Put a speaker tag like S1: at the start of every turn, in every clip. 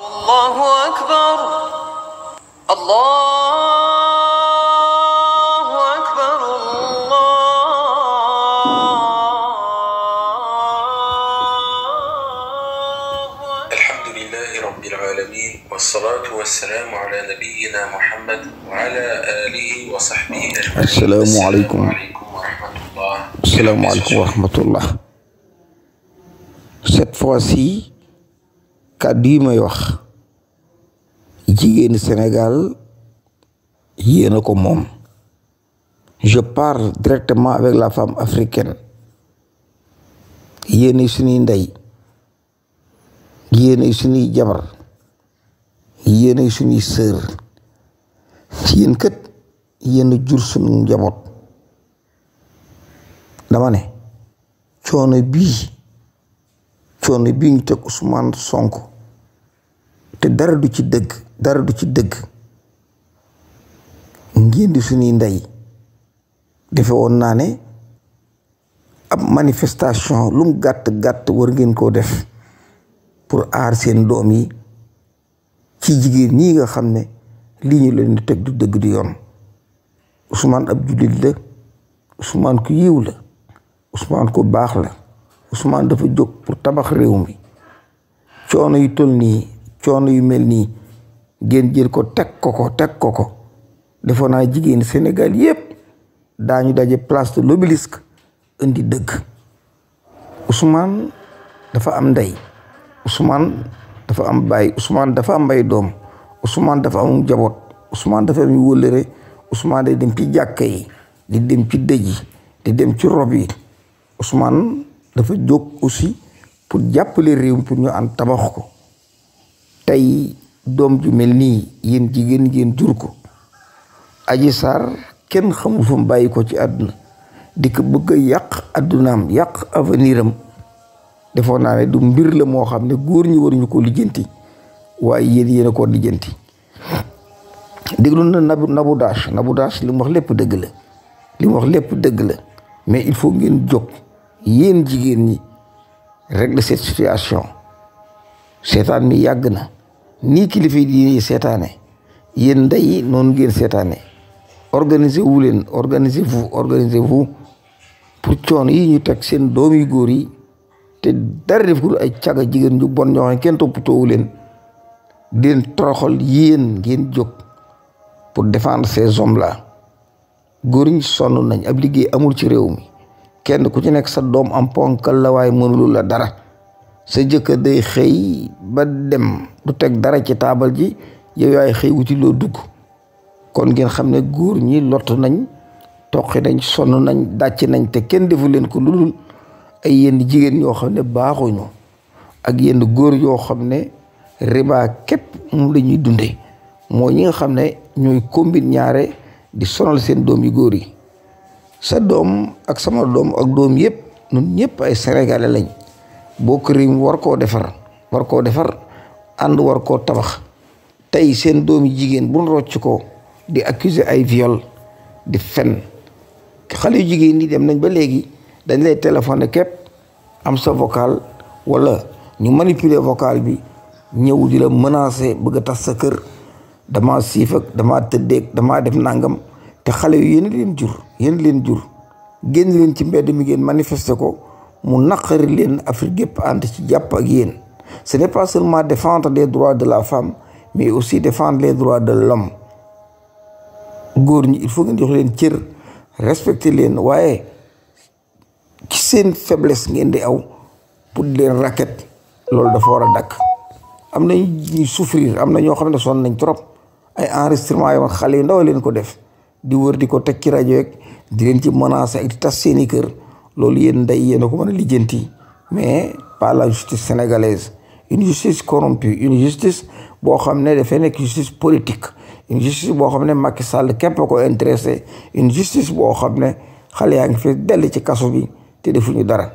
S1: الله أكبر الله أكبر الله الحمد لله رب العالمين والصلاة والسلام على نبينا محمد وعلى آله وصحبه أجمعين السلام عليكم ورحمة الله السلام عليكم ورحمة الله Cette fois-ci, kàddu yi may wax jigéeni Sénégal yéen ko moom je parle directement avec la femme africaine yéenay suñuy ndey yéenay suñuy jabar yéenay suñuy sër ci yéen kët yéen jur suñu njaboot dama ne coono bii coono bii ñu teg Ousmane Sonko te dara du ci dëgg dara du ci dëgg ngeen di ndey defe woon naa ne ab manifestation lum gàtt gàtt war ngeen koo def pour aar seen doom yi ci jigéen ñi nga xam ne lii ñu leen teg du dëgg du yoon Ousmane ab jullit la Ousmane ku yiw la Ousmane ku baax la Ousmane dafa jóg pour tabax réew mi coono yu nii coono yu mel nii ngeen jël ko teg ko ko teg ko ko defoon naa jigéen Sénégal yépp daañu daje place de l'obélisque di dëgg Ousmane dafa am nday Ousmane dafa am baay Ousmane dafa am mbay doom Ousmane dafa am jaboot Ousmane dafa am wëllëre Ousmane day dem ci jàkka yi di dem ci dëj yi di dem ci rob yi Ousmane dafa jóg aussi pour jàppale réew pour ñu am tabax ko tey doom ju mel nii yéen jigéen ngeen jur ko aji saar kenn xamul fa mu bàyyi ko ci àdduna di ko bëgg a yàq àddunaam yàq avenir am defoon naa ne du mbir la moo xam ne góor ñi waruñu ko lijjanti waaye yéen yéen a ko lijjanti déglu na nabu nabu daas nabu daas li wax lépp dëgg la li wax lépp dëgg la mais il faut ngeen jog yéen jigéen ñi régler situation seetaan mi yàgg na nii kilifa yi seetaane yéen nday noonu ngeen seetaane organise wuleen leen organisé vous organisé vous pour coon yi ñu teg seen doom yu góor yi te dara def ko ay caga jigéen ñu bon ñoo xam kenn toppatoowu leen di leen toroxal yéen ngeen jóg pour défendre ces hommes la góor ñi sonn nañ ab liggéey amul ci réew mi kenn ku ci nekk sa doom am ponkal la waaye mënulu la dara sa jëkkër day xëy ba dem du teg dara ci taabal ji yow yaay xëy wuti dugg kon ngeen xam ne góor ñi lott nañ toqi nañ sonn nañ dàcc nañ te kenn defu leen ko lu dul ay yenn jigéen ñoo xam ne baaxuñu ak yenn góor yoo xam ne riba képp moom lañuy dunde dundee moo ñi nga xam ne ñooy combine ñaare di sonal seen doom yu góor yi sa doom ak sama doom ak doom yëpp ñun ñëpp ay sénégalais lañ boo réew mi war koo defar war koo defar ànd war koo tabax tey seen doomi jigéen buñ rocc ko di accuser ay viol di fen xale yu jigéen ñi dem nañ ba léegi dañ lay téléphoné képp am sa vocal wala ñu manipuler vocal bi ñëw di la menacer bëgg a tas sa kër dama siif dama tëddeeg dama def nangam te xale yu yéen leen jur yéen leen jur génn leen ci mbedd mi ngeen manifester ko mu naqari leen Afrique gépp ànd ci jàpp ak yéen ce n'est pas seulement défendre les droits de la femme mais aussi défendre les droits de l'homme góor ñi il faut ngeen jox leen cër respecter leen waaye ci seen faiblesse ngeen di aw pour leen racket loolu dafa war a dakk am nañ ji souffrir am na ñoo xam ne sonn nañ trop ay enregistrement yoo xale yu ndaw leen ko def di wër di ko teg ci rajo yeeg di leen ci menacer ak di tas seeni kër loolu yéen day yéen a ko mën a lijjanti mais pas la justice sénégalaise une justice corrompue une justice boo xam ne dafay nekk justice politique une boo xam ne Macky Sall képp ko intéressé une justice boo xam ne xale yaa ngi fi dell ci kaso bi te defuñu dara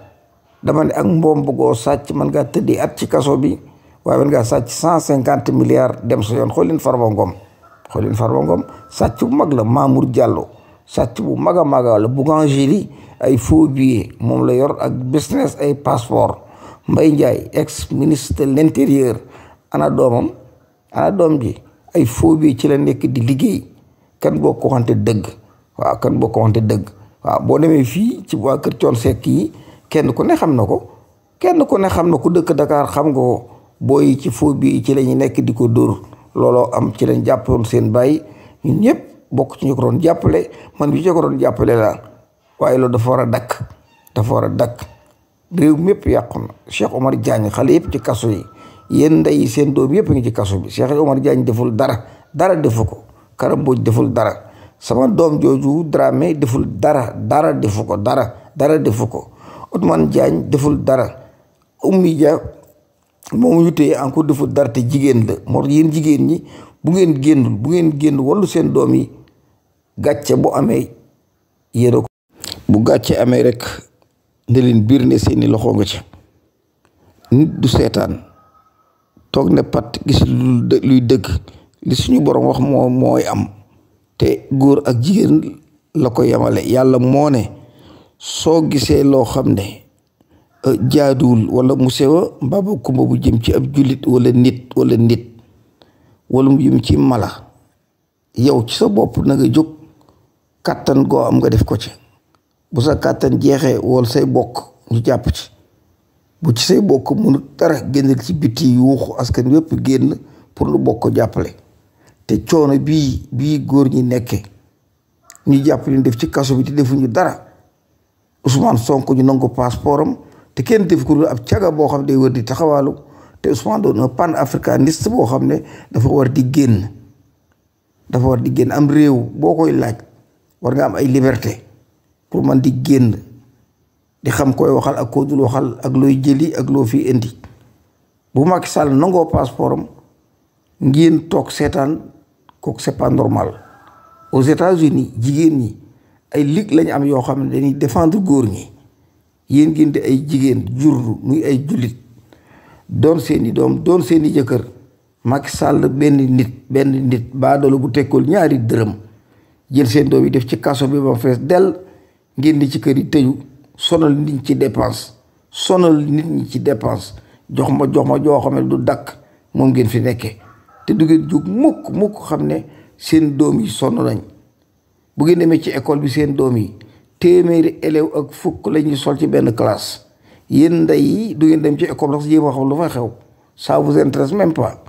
S1: dama ne ak mboom bëggoo sàcc man ngaa tëddi at ci kaso bi waaye man ngaa sàcc cent cinquante milliards dem sa yoon xool leen Farba Ngom xool far Farba Ngom sàcc bu mag la Mamour Diallo sàcc bu mag a mag la Bougangeli ay faux billets moom la yor ak business ay passeport mbay Ndiaye ex ministre de l'intérieur ana doomam ana doom ji ay faux billets ci la nekk di liggéey kan boo ko waxante dëgg waaw kan boo ko waxante dëgg waaw boo demee fii ci waa kër Thione Seck yi kenn ku ne xam na ko kenn ku ne xam na ku dëkk dakaar xam nga ko booy ci faux billets ci la ñu nekk di ko dóor looloo am ci lañ jàppoon seen bàyyi ñun ñëpp bokk ci ñu ko doon jàppale man bi ci ko doon jàppale la waaye loolu dafa war a dakk dafa war a dakk réew mépp yàqu na Cheikh Omar Diagne xale yëpp ci kaso yi yéen ndey yi seen doom yëpp ngi ci kaso bi Cheikh Omar Diagne deful dara dara defu ko Kara Mbodj deful dara sama doom jooju Dramé deful dara dara defu ko dara dara defu ko Ousmane Diagne deful dara Oumy Dia moom ñu téye deful dara te jigéen la moo yéen jigéen ñi bu ngeen génn bu ngeen génn wallu seen doom yi gàcce bu amee yére ko bu gàcce amee rek ne leen biir ne seeni loxoo nga ci nit du seetaan toog ne pat gis luy dëgg li suñu borom wax moo mooy am te góor ak jigéen la ko yemale yàlla moo ne soo gisee loo xam ne euh, jaaduwul wala mu sewa mbaaba kumba bu jëm ci ab jullit walla nit walla nit wala mu ci mala yow ci sa bopp nag nga jóg kàttan goo am nga def ko ci bu sa kàttan jeexee wool say bokk ñu jàpp ci bu ci say bokk mënu dara génnal ci biti yuuxu askan yépp génn pour lu bokk jàppale te coono bii bii góor ñi nekke ñu jàpp leen def ci kaso bi te defuñu dara Ousmane Sonko ñu nangu passeport am te kenn def ko ab caga boo xam ne day wër di taxawaalu te Ousmane doon un panafricaniste boo xam ne dafa war di génn dafa war di génn am réew boo koy laaj war nga am ay liberté pour man di génn di xam koy waxal ak koo dul waxal ak looy jëli ak loo fi indi bu Macky Sall nangoo passeport am ngeen toog seetaan kooku c'est pas normal aux États-Unis jigéen ñi ay ligue lañ am yoo xam ne dañuy défendre góor ñi yéen ngeen di ay jigéen jur muy ay jullit doon seeni doom doon seeni jëkkër Macky Sall benn nit benn nit baadoolo bu tekkool ñaari dërëm jël seen doom yi def ci kaso bi ba fees dell di ci kër yi tëju sonal nit ñi ci dépense sonal nit ñi ci dépense jox ma jox ma joo xam du dakk moom ngeen fi nekkee te du ngeen jóg mukk mukk xam ne seen doom yi sonn nañ bu ngeen demee ci école bi seen doom yi téeméeri élève ak fukk la ñuy sol ci benn classe yéen ndey yi du ngeen dem ci école sax jéem a xam lu fa xew ça vous intéresse même pas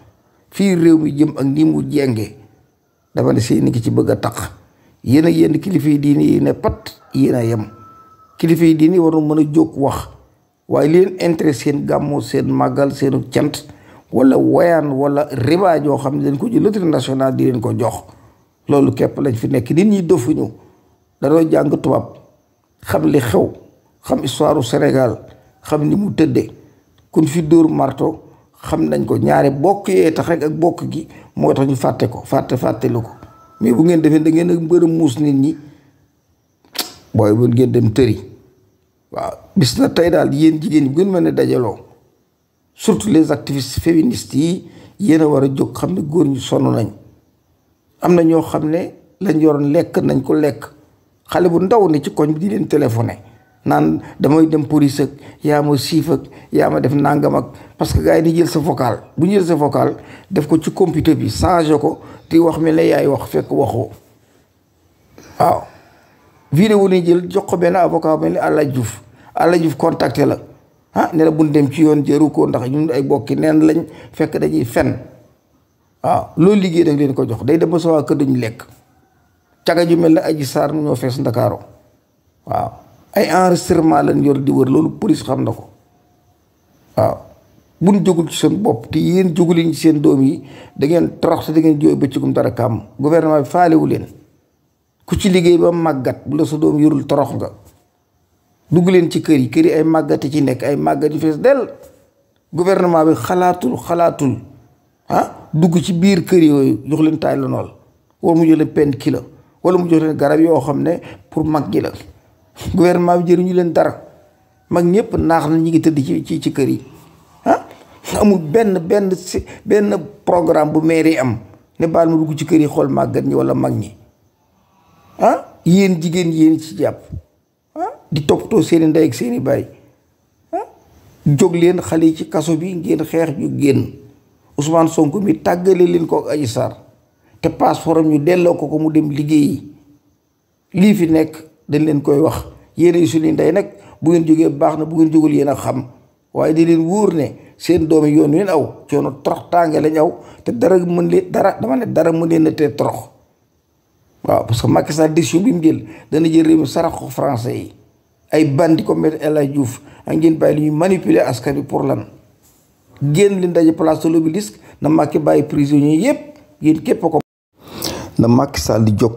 S1: fii réew mi jëm ak ni mu jenge dafa ne seen nit ki ci bëgg a taq yéen ak yenn kilifa yi diini yi ne pat yéen a yem kilifa yi diini war na mën a jóg wax waaye li leen intéresse seen gàmmu seen màggal seenu cant wala wayaan wala riba joo xam ne dañ ko jël loterie nationale di leen ko jox loolu képp lañ fi nekk nit ñi dofuñu danoo jàng tubaab xam li xew xam histoire u Sénégal xam ni mu tëdde kon fi dóor marto xam nañ ko ñaari bokk yee tax rek ak bokk gi moo tax ñu fàtte ko fàtte lu ko mais bu ngeen defee da ngeen a mbër a muus nit ñi booy bu ngeen dem tëri waaw bis na tey daal yéen jigéen ñi bu ngeen mën a dajaloo surtout les activistes féministes yi yéen a war a jóg xam ne góor ñu sonn nañ am na ñoo xam ne lañ yoroon lekk nañ ko lekk xale bu ndaw ne ci koñ bi di leen téléphoné naan damay dem police ak yaa ma siif ak yaa ma def nangam ak parce que gars yi ni jël sa vocal bu ñu jël sa vocal def ko ci computer bi changé ko di wax mi la yaay wax fekk waxoo waaw vidéo ni jël jox ko benn avocat mel ni Alla Diouf Alla Diouf contacté la ah ne la buñ dem ci yoon jëru ko ndax ñun ay bokki neen lañ fekk dañuy fen waaw loolu liggéey dag leen ko jox day dem soo sa waa kër duñu lekk caga ju mel ne Adji Sarr ñoo fees Ndakaaru waaw ay enregistrement lañ yor di loolu police xam na ko waaw buñ jógul ci seen bopp te yéen jóguliñ ci seen doom yi da ngeen torox te da ngeen jooy bëccëgum dara kàmm gouvernement bi faalewu leen ku ci liggéey ba màggat bu la sa doom yorul torox nga dugg leen ci kër yi kër yi ay màggati ci nekk ay màggat yu fees dell gouvernement bi xalaatul xalaatul ah dugg ci biir kër yooyu jox leen taay la nool wala mu jox pen kilo wala mu jox garab yoo xam ne pour mag ji la gouvernement bi jëriñu leen dara mag ñëpp naax na ñu ngi tëdd ci ci ci kër yi ah amul benn benn si benn programme bu mairie am ne baal ma dugg ci kër yi xool màggat ñi wala mag ñi ah yéen jigéen yéen ci jàpp di toppatoo seeni ndey ak seeni baay jóg leen xale yi ci kaso bi ngeen xeex ñu génn Ousmane sonk mi tàggalee leen ko ak Adji te passeport am ñu delloo ko ko mu dem liggéeyi lii fi nekk dañ leen koy wax yéen a suñuy ndey nag bu ngeen jógee baax na bu ngeen jógul yéen a xam. waaye di leen wóor ne seen doomi yoon wi aw coono torox tànge lañ aw te dara mën leen dara dama ne dara mën leen a tee waaw parce que Macky Sall décision jël dana jël réew mi sarax ko français yi ay bandi comme Me El Hadji Diouf ak ngeen bàyyi lu ñuy manipuler askan bi pour lan génn leen daje place de l'Obélisque na Macky bàyyi prisonnier yépp yéen képp ko na Macky di jog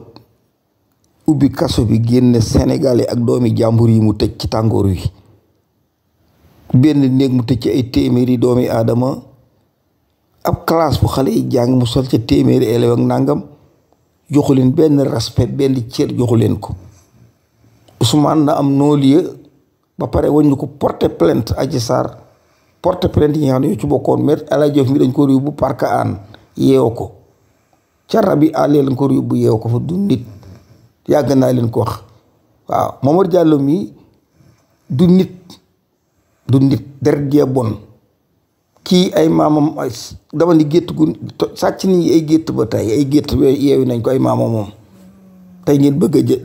S1: ubbi kaso bi génne Sénégal yi ak doomi jàmbur yi mu tëj ci tàngoor wi benn néeg mu tëj ci ay téeméeri doomi aadama ab classe bu xale yi jàng mu sol ca téeméeri élève ak nàngam joxu leen benn respect benn cër joxu leen ko Ousmane na am non-lieu ba pare wañ waññu ko porter plainte Adji Sarr porter plainte xam ne ñoo ci bokkoon Me El Hadji Diouf dañ ko yóbbu parc an yeew ko ca Rabi Allé lañ ko yóbbu yeew ko fa du nit yàgg naa leen ko wax waaw Mamadou Diallo mii du nit du nit deret jee bon kii ay maamam dama ni gétt gu sàcc ni ay gétt ba tey ay gétt yeewu nañ ko ay maamam moom tey ngeen bëgg a jë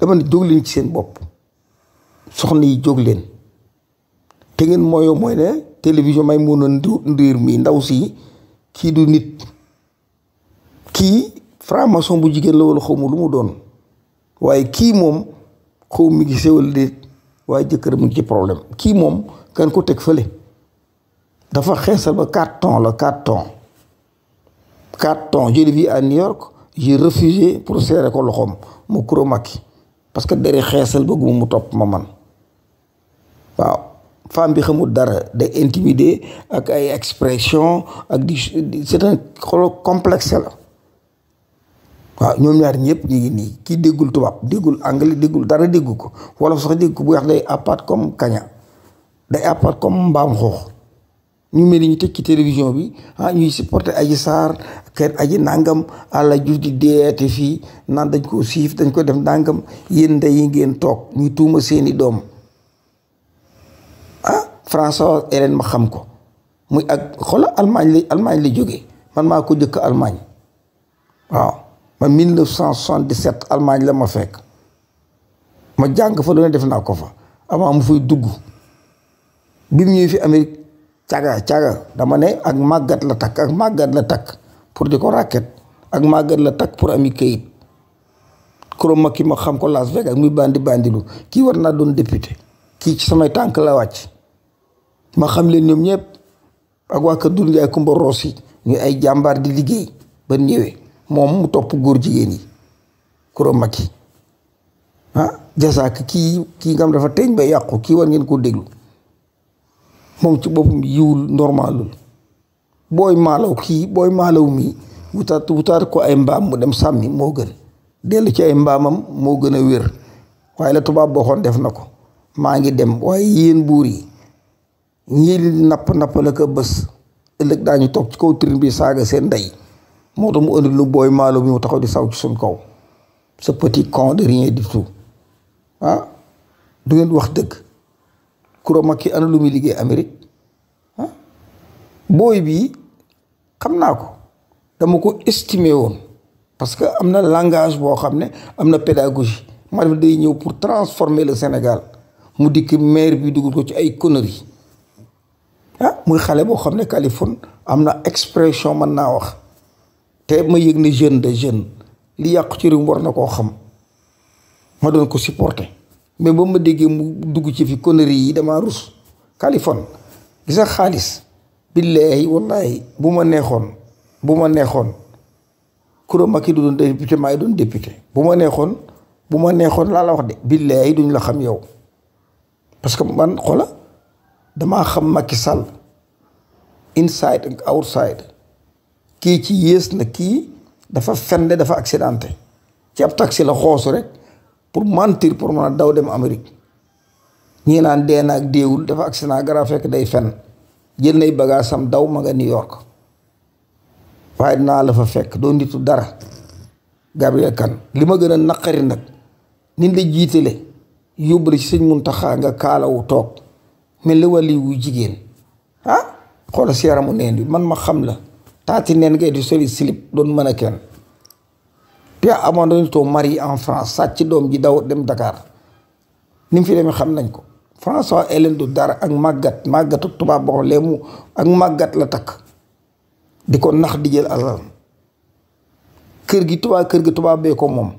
S1: dama ni jóg ci seen bopp soxna yi jóg leen te ngeen mooyoo mooy ne télévision may mun a ndiir mi ndaw si kii du nit kii franc-maçon bu jigéen la wala xaw ma lu mu doon waaye kii moom xaw mu gisee wala déet waaye jëkkër mu ngi ci problème kii moom kan ko teg fële dafa xeesal ba quatre ton la quatre ton quatre ton je l'ai vu à New York j'ai refusé pour serrer ko loxoom mu kuro makki parce que dere xeesal bëgguma mu topp ma man waaw femme bi xamul dara day intimider ak ay expression ak di c'est un complexe la waaw ñoom ñaar ñëpp ñu ngi nii kii déggul tubaab déggul anglais déggul dara déggu ko wolof sax dégg ko bu wax day appaat comme kaña day appaat comme mbaam xoox ñu mel ni ñu teg ci télévision bi ah ñuy supporter aji saar xeet aji nangam àlla juf di deete fii naan dañ ko siif dañ ko def nangam yéen ndeyi ngeen toog ñu tuuma seeni doom ah François Hélène ma xam ko muy ak xola Allemagne la almaañ la jóge man maa ko jëkk Allemagne waaw man 1977 Allemagne la ma fekk ma jàng fa doone def naa ko fa avant mu fay dugg bi mu ñëwee fi Amérique caga caga dama ne ak màggat la takk ak màggat la takk pour di ko racket ak màggat la takk pour ami kayit kuréel ma ki ma xam ko Las Vegas muy bandi bandilu kii war naa doon député kii ci samay tànk la wàcc ma xam leen ñoom ñëpp ak waa kër Doudou Ndiaye Coumba Rossi ñu ay jàmbaar di liggéey ba ñëwee. moom mu topp góor jigéen yi kuro Macky ah jasaak kii kii nga xam dafa teeñ ba yàqu kii war ngeen koo déglu moom ci boppam yiwul normalul booy maalaw kii booy maalaw mi wutaat wutaat ko ay mbaam mu dem sàmmi moo gën dellu ci ay mbaamam moo gën a wér waaye la tubaab bokkoon def na ko maa ngi dem waaye yéen buur yi ñii napp napp la ko bés ëllëg daañu toog ci kaw tribune bi saaga seen ndey moo tax mu indi lu booy maalo bi mu taxaw di saw ci suñ kaw ce petit con de rien du tout ah, du ngeen wax dëgg Coura Macky ana lu muy liggéey Amérique ah, booy bii xam naa ko dama ko estimé woon parce que am na langage boo xam ne am na pédagogie ma def day ñëw pour transformer le Sénégal mu dikk maire bi dugal ko ci ay conneries ah muy xale boo xam ne Californie am na expression mën naa wax te ma yëg ne jeune de jeune li yàqu ci réew war na koo xam ma doon ko supporter mais ba ma déggee mu dugg ci fi conneries yi damaa rus Kaliphone gis nga xaalis billahi wallahi bu ma neexoon bu ma neexoon Coura Macky du doon député maa ngi doon député bu ma neexoon bu ma neexoon laa la wax de billahi duñ la xam yow parce que man xoola damaa xam Macky Sall inside ak outside kii ci yées nag kii dafa fende dafa accidenté ci ab taxi la xoosu rek pour mentir pour mën a daw dem Amérique ñii naan dee na ak deewul dafa accident gara fekk day fen jël nay bagaasam daw ma nga New York waaye dinaa la fa fekk doo nitu dara Gabriel Kane li ma gën a naqari nag niñ la jiitale yóbbu la ci sëñ Muntaxa nga kaalawu toog mel ni wàlli wu jigéen ah xoola si yaramu neen bi man ma xam la taati neen ngay di soli silip doon mën a kenn Pierre abandonné son mari en France sàcc doom ji daw dem dakaar nim mu fi demee xam nañ ko François Hélène du dara ak màggat màggatu tubaab boo xam mu ak màggat la takk di ko nax di jël alal kër gi tubaab kër gi tubaab moom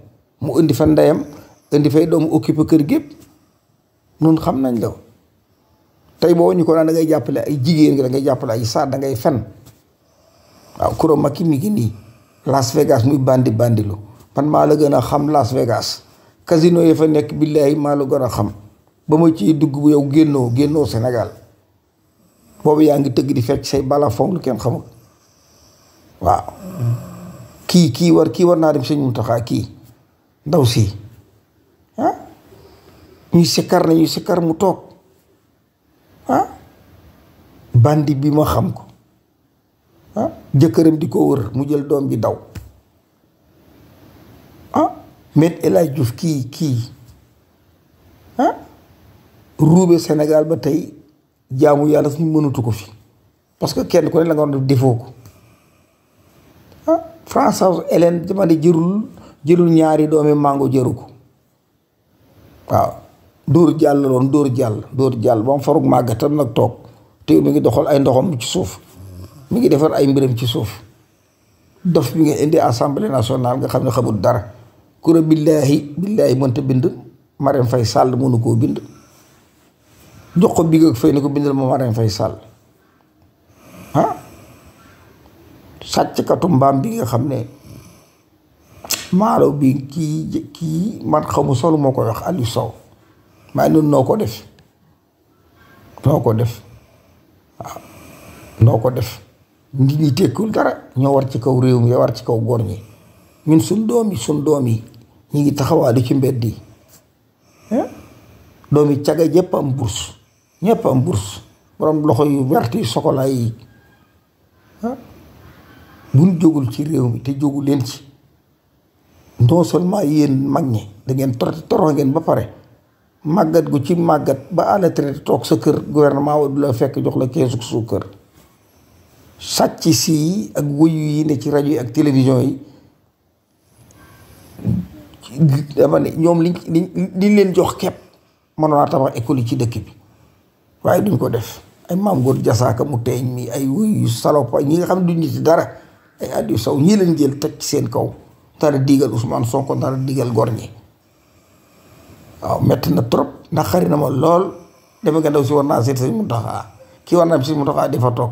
S1: mu indi fa ndeyam indi fay doom kër gépp nun xam nañ la tey boo ñu ko naan da ngay jàppale ay jigéen gi da ngay jàppale ay saat da ngay fen waaw Kuro Macky mi ngi nii Las Vegas muy bandi bandilu man maa la gën a xam Las Vegas casino yi fa nekk billahi maa la gën a xam ba ma ci dugg bu yow génnoo génnoo senegal boobu yaa ngi tëgg di fecc say bala foog lu kenn xamul waaw kii kii war kii war naa dem sëñ Mountakha kii ndaw si ah ñuy sikkar na sikkar mu toog ah bi ma xam ko jëkkëram di ko wër mu jël doom bi daw ah met El kii kii ah ruube Sénégal ba tey jaamu yàlla suñu mënatu ko fi parce que kenn ku ne la nga war def defoo ko ah Françoise Hélène dama ne jërul jërul ñaari doomi màngo jëru ko waaw dóor jàll loon dóor jàll dóor jàll ba mu farug màggatam nag toog te mu ngi doxal ay ndoxom ci suuf mi ngi defar ay mbiram ci suuf dof bi nga indi assemblée nationale nga xam ne xamul dara kura billaahi billaahi mënta bind Marème Faye Sall mënu koo bind jox ko bi nga fay ne ko bindal ma Marème fay Sall ah sàcckatu mbaam bi nga xam ne maalo bi kii kii man xamu solo moo ko wax Aliou Sow maa noonu noo ko def noo ko def waaw noo ko def nit ñi tekkul dara ñoo war ci kaw réew mi war ci kaw góor ñi ñun suñ doom yi suñ doom yi ñu ngi taxawaalu ci mbedd yi doom yi caga yëpp am bourse ñëpp am bourse borom loxo yu wert yu sokolaa yi buñ jógul ci réew mi te jógu leen ci non seulement yéen mag ñi da ngeen tor toro ngeen ba pare màggat gu ci màggat ba à la toog sa kër gouvernement wa du la fekk jox la keesu suukar sàcc si yi ak wëyu yi ne ci rajo yi ak télévision yi dama ne ñoom li liñ leen jox kepp mënoon a tabax école yi ci dëkk bi waaye duñ ko def ay maam góor jasaaka mu teeñ mi ay wëyu salopa ñi nga xam ne dara ay addu saw ñii leen jël teg ci seen kaw dara digal Ousmane Sonko dara digal gor ñi waaw metti na trop ndax xari na ma lool dama nga ndaw si war naa seet sëñ Muntaxa kii war naa bi sëñ Muntaxa di defa toog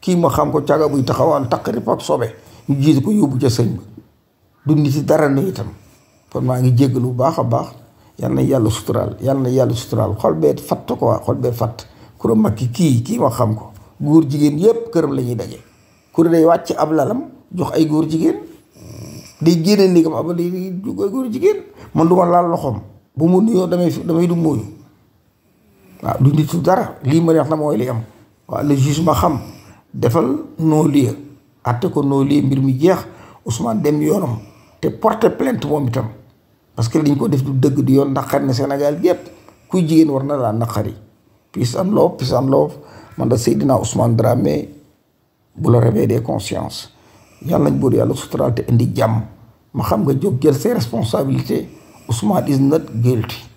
S1: kii ma xam ko caga buy taxawaan taqari pap sobe ñu jiitu ko yóbbu ca sëñ ba du nit dara ne itam kon maa ngi jégg lu baax a baax yal na yàlla suturaal yal na yàlla suturaal xol fatt ko waa xol bee fatt ku la makki kii kii ma xam ko góor jigéen yépp këram lañuy ñuy daje ku day wàcc ab lalam jox ay góor jigéen day génne néegam abal ay góor jigéen man du ma laal loxoom bu mu nuyoo damay damay du mooyu waaw du nitu dara lii ma neex na mooy li am waaw le defal non lieu atte ko non lieu mbir mu jeex Ousmane dem yoonam te porte plainte moom itam parce que liñ ko def du dëgg di yoon naqari na Sénégal gépp kuy jigéen war na laa naqari peace and love peace and love man da Seydina Ousmane Dramé bu la réveil des consciences yàlla nañ buur yàlla suturaal te indi jàmm ma xam nga jóg jël ses responsabilité Ousmane is not guilty